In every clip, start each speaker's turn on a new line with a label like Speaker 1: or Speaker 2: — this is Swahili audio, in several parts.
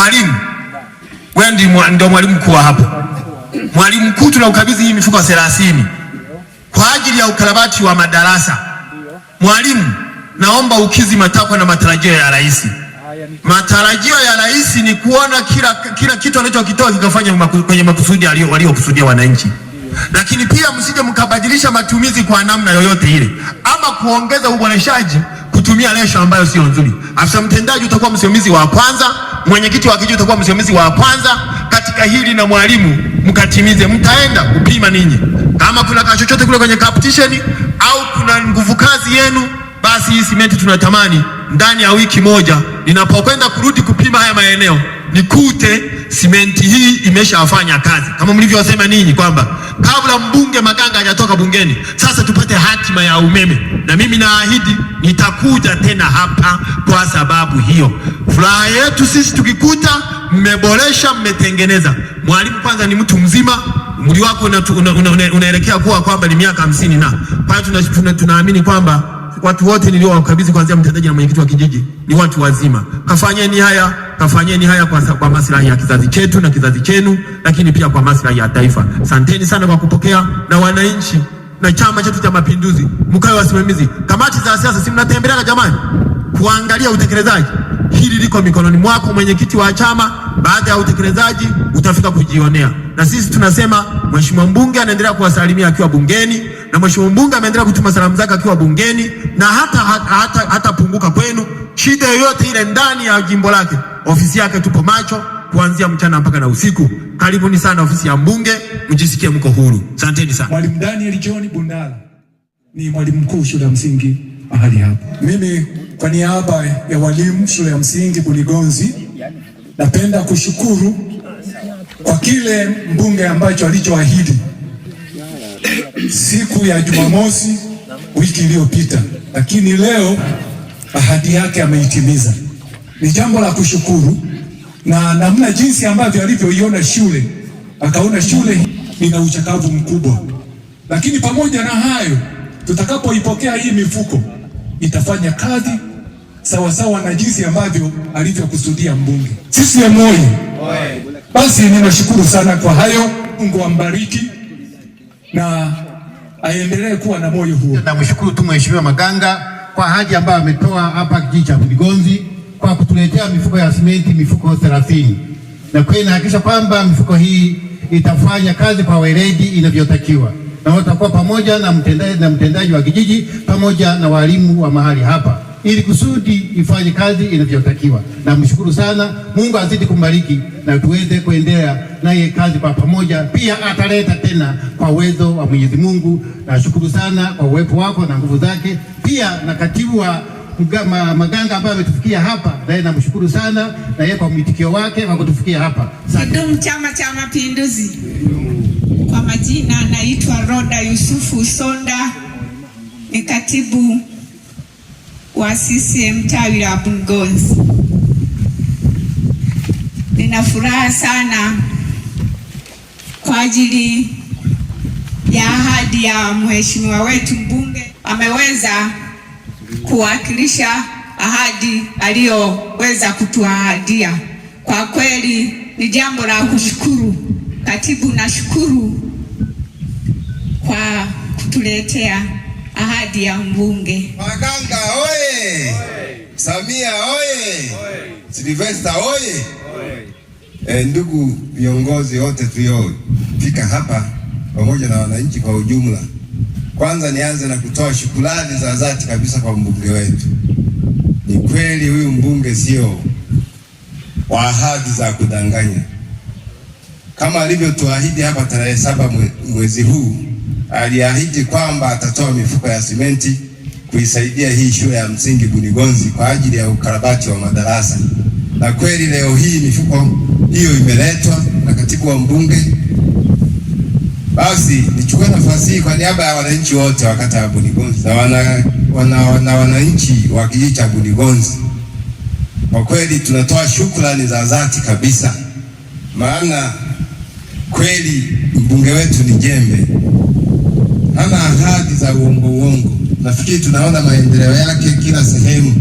Speaker 1: mwalimu, wewe ndio mwalimu mkuu hapa. Mwalimu mkuu tunaukabidhi hii mifuko 30 kwa ajili ya ukarabati wa madarasa. Mwalimu, naomba ukizi matakwa na matarajio ya rais. Matarajio ya rais ni kuona kila, kila kitu anachokitoa kikafanya kwenye makusudi waliokusudia wananchi, lakini pia msije mkabadilisha matumizi kwa namna yoyote ile, ama kuongeza uboreshaji kutumia lesho ambayo sio nzuri. Afisa mtendaji utakuwa msimamizi wa kwanza mwenyekiti wa kijiji utakuwa msimamizi wa kwanza katika hili na mwalimu mkatimize. Mtaenda kupima ninyi kama kuna ka chochote kule kwenye competition au kuna nguvu kazi yenu, basi hii simenti tunatamani ndani ya wiki moja ninapokwenda kurudi kupima haya maeneo nikute simenti hii imeshafanya kazi kama mlivyosema ninyi kwamba kabla mbunge Maganga hajatoka bungeni, sasa tupate hatima ya umeme. Na mimi naahidi nitakuja tena hapa kwa sababu hiyo. Furaha yetu sisi tukikuta mmeboresha, mmetengeneza. Mwalimu kwanza ni mtu mzima, umri wako unaelekea una, una, una, una kuwa kwamba ni miaka hamsini na kwa hiyo tunaamini kwamba watu wote niliowakabidhi kuanzia mtendaji na mwenyekiti wa kijiji ni watu wazima. Kafanyeni haya, kafanyeni haya kwa, kwa maslahi ya kizazi chetu na kizazi chenu, lakini pia kwa maslahi ya taifa. Asanteni sana kwa kupokea na wananchi na chama chetu cha Mapinduzi, mkawe wasimamizi. Kamati za siasa si mnatembeleana jamani, kuangalia utekelezaji. Hili liko mikononi mwako mwenyekiti wa chama, baada ya utekelezaji utafika kujionea. Na sisi tunasema mheshimiwa mbunge anaendelea kuwasalimia akiwa bungeni, na mheshimiwa mbunge ameendelea kutuma salamu zake akiwa bungeni na hata hata hatapunguka kwenu shida yoyote ile ndani ya jimbo lake. Ofisi yake tupo macho kuanzia mchana mpaka na usiku. Karibuni sana ofisi ya mbunge, mjisikie mko huru. Asanteni sana.
Speaker 2: Mwalimu Daniel John Bundala ni mwalimu mkuu shule ya msingi mahali hapa. Mimi kwa niaba ya walimu shule ya msingi Bunigonzi napenda kushukuru kwa kile mbunge ambacho alichoahidi siku ya Jumamosi wiki iliyopita, lakini leo ahadi yake ameitimiza. Ni jambo la kushukuru, na namna jinsi ambavyo alivyoiona shule, akaona shule ina uchakavu mkubwa, lakini pamoja na hayo, tutakapoipokea hii mifuko itafanya kazi sawasawa sawa na jinsi ambavyo alivyokusudia mbunge. Sisi moyo basi, ninashukuru sana kwa hayo. Mungu ambariki na aendelee kuwa na moyo huo.
Speaker 1: Namshukuru tu Mheshimiwa Maganga kwa haja ambayo ametoa hapa kijiji cha Kigonzi kwa kutuletea mifuko ya simenti mifuko thelathini, na kweli nahakikisha kwamba mifuko hii itafanya kazi kwa weledi inavyotakiwa, na watakuwa pamoja na mtendaji, na mtendaji wa kijiji pamoja na walimu wa mahali hapa ili kusudi ifanye kazi inavyotakiwa. Namshukuru sana Mungu, azidi kumbariki na tuweze kuendelea naye kazi kwa pamoja. Pia ataleta tena kwa uwezo wa Mwenyezi Mungu. Nashukuru sana kwa uwepo wako na nguvu zake, pia na katibu wa Maganga ambaye ametufikia hapa, naye namshukuru sana yeye kwa mwitikio wake wa kutufikia hapa.
Speaker 3: Kidumu Chama cha Mapinduzi! Kwa majina anaitwa Roda Yusufu Sonda, ni katibu wa CCM tawi la Mgonzi. Nina furaha sana kwa ajili ya ahadi ya mheshimiwa wetu mbunge, ameweza kuwakilisha ahadi aliyoweza kutuahadia. Kwa kweli ni jambo la kushukuru. Katibu, nashukuru kwa kutuletea ahadi ya mbunge.
Speaker 4: Waganga oye! Samia oye! Silvesta oye! E, ndugu viongozi wote tuliofika hapa pamoja na wananchi kwa ujumla, kwanza nianze na kutoa shukrani za dhati kabisa kwa mbunge wetu. Ni kweli huyu mbunge sio wa ahadi za kudanganya, kama alivyotuahidi hapa tarehe saba mwezi huu, aliahidi kwamba atatoa mifuko ya simenti kuisaidia hii shule ya msingi Bunigonzi kwa ajili ya ukarabati wa madarasa, na kweli leo hii mifuko hiyo imeletwa na katibu wa mbunge. Basi nichukue nafasi hii kwa niaba ya wananchi wote wa kata ya Bunigonzi na wananchi wana, wana, wa kijiji cha Bunigonzi, kwa kweli tunatoa shukrani za dhati kabisa, maana kweli mbunge wetu ni jembe ana ahadi za uongo uongo. Nafikiri tunaona maendeleo yake kila sehemu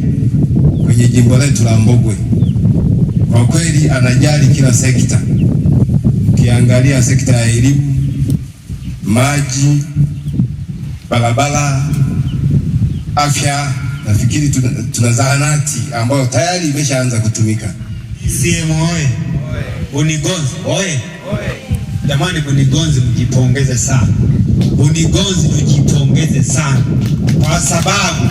Speaker 4: kwenye jimbo letu la Mbogwe. Kwa kweli anajali kila sekta, ukiangalia sekta ya elimu, maji, barabara, afya. Nafikiri tuna, tuna zahanati ambayo tayari imeshaanza kutumika. CCM oye! Unigozi oye! Jamani, Bunigonzi mjipongeze sana, Bunigonzi mjipongeze sana, kwa sababu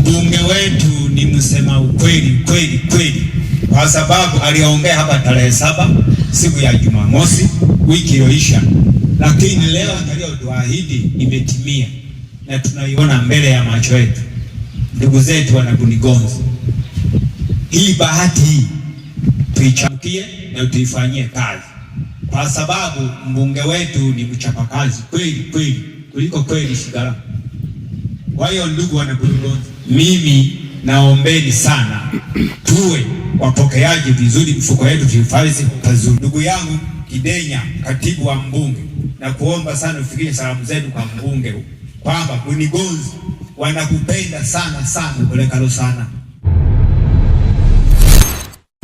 Speaker 4: mbunge wetu ni msema ukweli kweli kweli, kwa sababu aliongea hapa tarehe saba siku ya Jumamosi wiki iliyoisha, lakini leo aliyotuahidi imetimia na tunaiona mbele ya macho yetu. Ndugu zetu wana Bunigonzi, hii bahati hii tuichamkie na tuifanyie kazi kwa sababu mbunge wetu ni mchapakazi kweli kweli kuliko kweli Shigara. Kwa hiyo ndugu wanaBulondozi, mimi naombeni sana tuwe wapokeaji vizuri, mfuko yetu tuhifadhi pazuri. Ndugu yangu Kidenya, katibu wa mbunge, na kuomba sana ufikishe salamu zenu kwa mbunge kwamba kunigonzi wanakupenda sana sana, kolekalo sana